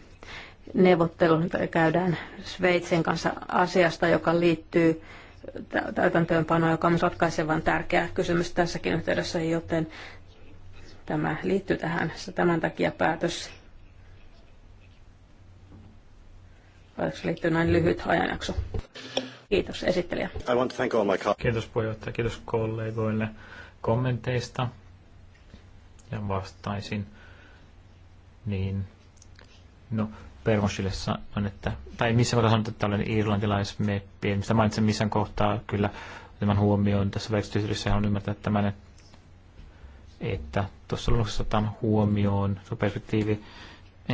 neuvotteluun, käydään Sveitsin kanssa asiasta, joka liittyy täytäntöönpanoon, joka on ratkaisevan tärkeä kysymys tässäkin yhteydessä, joten Tämä liittyy tähän. Tämän takia päätös se liittyy näin
lyhyt ajanjakso.
Kiitos esittelijä.
I want to thank all my kiitos puheenjohtaja, kiitos kollegoille kommenteista. Ja vastaisin niin, no Permosille sanon, että, tai missä kohtaa sanon, että olen irlantilaismeppi, en mistä mainitsen missään kohtaa, kyllä tämän huomioon tässä väitöstyössä on ymmärtää tämän, että että tuossa luonnoksessa otetaan huomioon perspektiivi,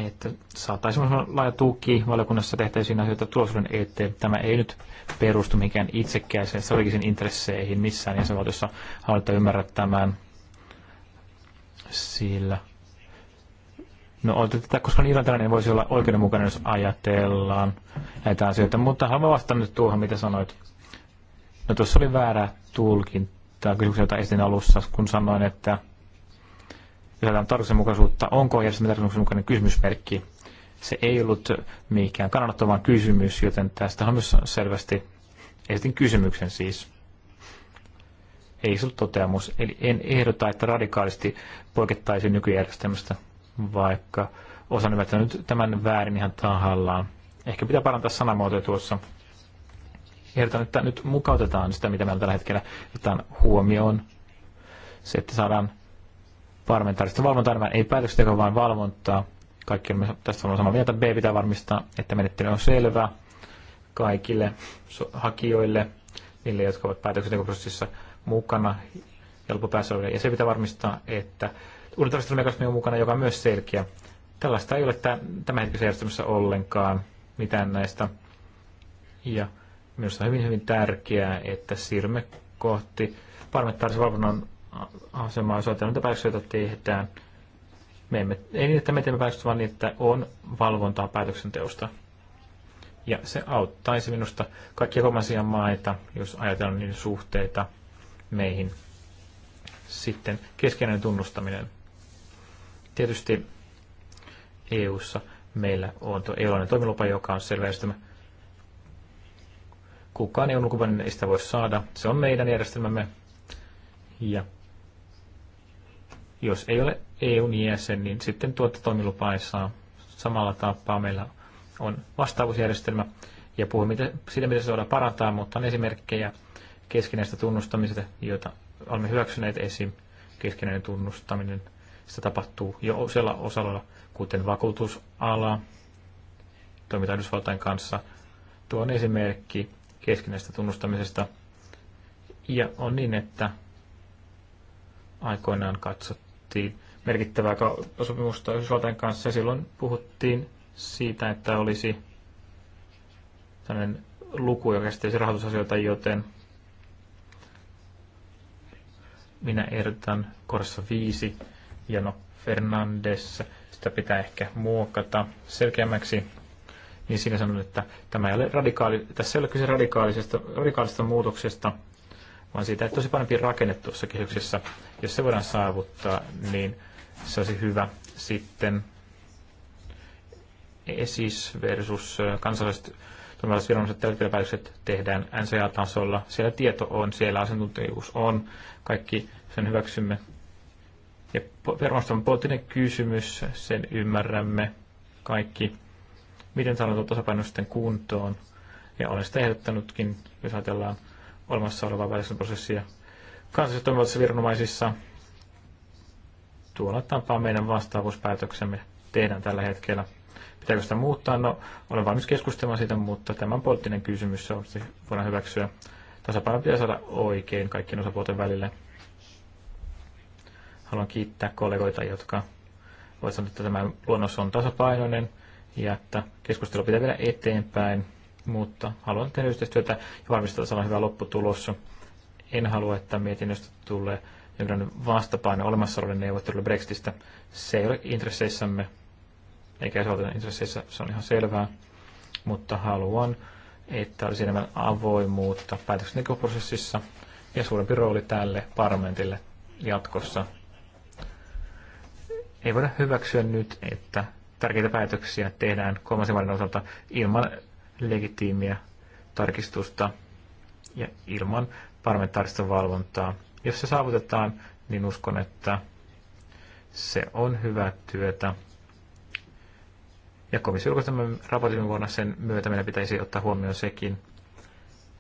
että saataisiin laaja tuki valiokunnassa tehtäisiin asioita tulosuuden eteen. Tämä ei nyt perustu mikään itsekkäiseen strategisiin intresseihin missään jäsenvaltiossa. Halutaan ymmärrä tämän sillä. No tätä, koska tällainen voisi olla oikeudenmukainen, jos ajatellaan näitä asioita. Mutta haluan vastata nyt tuohon, mitä sanoit. No tuossa oli väärä tulkinta kysymyksen, jota esitin alussa, kun sanoin, että lisätään tarkoituksenmukaisuutta. Onko järjestelmä tarkoituksenmukainen kysymysmerkki? Se ei ollut mikään kannattava kysymys, joten tästä on myös selvästi esitin kysymyksen siis. Ei se ollut toteamus. Eli en ehdota, että radikaalisti poikettaisiin nykyjärjestelmästä, vaikka osa nyt tämän väärin ihan tahallaan. Ehkä pitää parantaa sanamuotoja tuossa ehdotan, että nyt mukautetaan sitä, mitä meillä tällä hetkellä otetaan huomioon. Se, että saadaan parlamentaarista valvontaa, nämä ei päätöksentekoa, vaan valvontaa. Kaikki on tästä on samaa mieltä. B pitää varmistaa, että menettely on selvä kaikille hakijoille, niille, jotka ovat päätöksentekoprosessissa mukana ja Ja se pitää varmistaa, että uudentavastelumekanismi on mukana, joka on myös selkeä. Tällaista ei ole tämänhetkisessä järjestelmässä ollenkaan mitään näistä. Ja minusta on hyvin, hyvin tärkeää, että siirrymme kohti parlamentaarisen valvonnan asemaa osoittaa niitä päätöksiä, joita tehdään. Me emme, ei niin, että me teemme päätöksiä, vaan niin, että on valvontaa päätöksenteosta. Ja se auttaisi minusta kaikkia kolmansia maita, jos ajatellaan niiden suhteita meihin. Sitten keskeinen tunnustaminen. Tietysti EU-ssa meillä on tuo eu toimilupa, joka on selvä järjestelmä. Kukaan eu ulkopuolinen ei sitä voi saada. Se on meidän järjestelmämme. Ja jos ei ole EUn jäsen, niin sitten tuottotoimilupa ei saa. Samalla tapaa meillä on vastaavuusjärjestelmä ja puhumme siitä, miten se voidaan parantaa, mutta on esimerkkejä keskinäistä tunnustamisesta, joita olemme hyväksyneet esim. Keskinäinen tunnustaminen, sitä tapahtuu jo usealla osalla, kuten vakuutusala, toimitaan Yhdysvaltain kanssa. Tuo on esimerkki keskinäisestä tunnustamisesta. Ja on niin, että aikoinaan katsottu tehtiin merkittävää sopimusta Yhdysvaltain kanssa ja silloin puhuttiin siitä, että olisi tämmöinen luku, joka käsittelisi rahoitusasioita, joten minä ehdotan korsa 5 ja no Fernandes, sitä pitää ehkä muokata selkeämmäksi, niin siinä sanon, että tämä ei ole radikaali, tässä ei ole kyse radikaalisesta, radikaalista muutoksesta, vaan siitä, että tosi parempi rakenne tuossa kehyksessä. Jos se voidaan saavuttaa, niin se olisi hyvä sitten esis versus kansalaiset toimivalliset viranomaiset täytäntöönpäätökset tehdään NCA-tasolla. Siellä tieto on, siellä asiantuntijuus on, kaikki sen hyväksymme. Ja varmasti on poliittinen kysymys, sen ymmärrämme kaikki. Miten saadaan tuo tasapaino sitten kuntoon? Ja olen sitä ehdottanutkin, jos ajatellaan olemassa olevaa prosessia kansallisessa toimivaltaisissa viranomaisissa. Tuolla tapaa meidän vastaavuuspäätöksemme tehdään tällä hetkellä. Pitääkö sitä muuttaa? No, olen valmis keskustelemaan siitä, mutta tämä on poliittinen kysymys, se voidaan hyväksyä. Tasapaino pitää saada oikein kaikkien osapuolten välille. Haluan kiittää kollegoita, jotka voivat sanoa, että tämä luonnos on tasapainoinen ja että keskustelu pitää vielä eteenpäin mutta haluan tehdä yhteistyötä ja varmistaa saada hyvä lopputulos. En halua, että mietinnöstä tulee jonkinlainen vastapaino olemassa olevan neuvottelulle Brexitistä. Se ei ole intresseissämme, eikä ole intresseissä, se on ihan selvää, mutta haluan, että olisi enemmän avoimuutta päätöksentekoprosessissa ja suurempi rooli tälle parlamentille jatkossa. Ei voida hyväksyä nyt, että tärkeitä päätöksiä tehdään kolmansien osalta ilman legitiimiä tarkistusta ja ilman parlamentaarista valvontaa. Jos se saavutetaan, niin uskon, että se on hyvää työtä. Ja komissio raportin vuonna sen myötä meidän pitäisi ottaa huomioon sekin.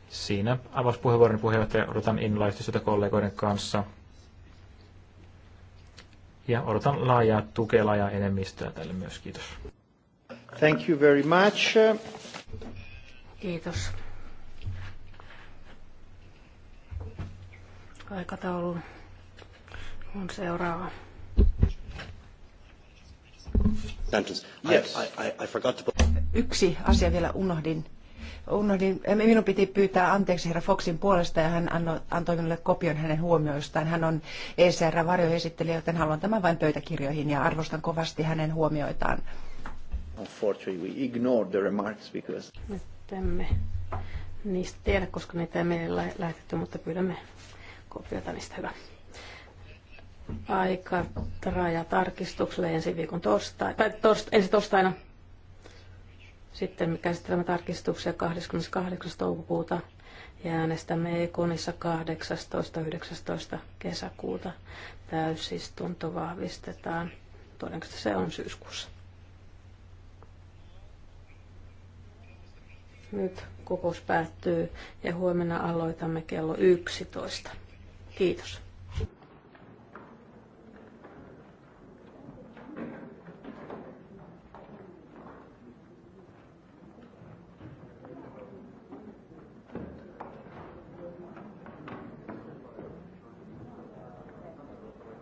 Siinä avauspuheenvuoron puheenjohtaja odotan innolla kollegoiden kanssa. Ja odotan laajaa tukea, ja enemmistöä tälle myös. Kiitos.
Thank you very much. Kiitos.
Aikataulu on seuraava. Yksi asia vielä unohdin. unohdin. Minun piti pyytää anteeksi herra Foxin puolesta ja hän antoi minulle kopion hänen huomioistaan. Hän on ECR-varjoesittelijä, joten haluan tämän vain pöytäkirjoihin ja arvostan kovasti hänen huomioitaan.
Unfortunately, we the remarks because...
Nyt emme niistä tiedä, koska niitä ei meille lähetetty, mutta pyydämme kopiota niistä hyvä. Aika raja tarkistukselle ensi viikon torstai, tai torst, ensi torstaina. Sitten me käsittelemme tarkistuksia 28. toukokuuta ja äänestämme Ekonissa 18.19. kesäkuuta. Täysistunto vahvistetaan. Todennäköisesti se on syyskuussa. Nyt kokous päättyy ja huomenna aloitamme kello 11. Kiitos.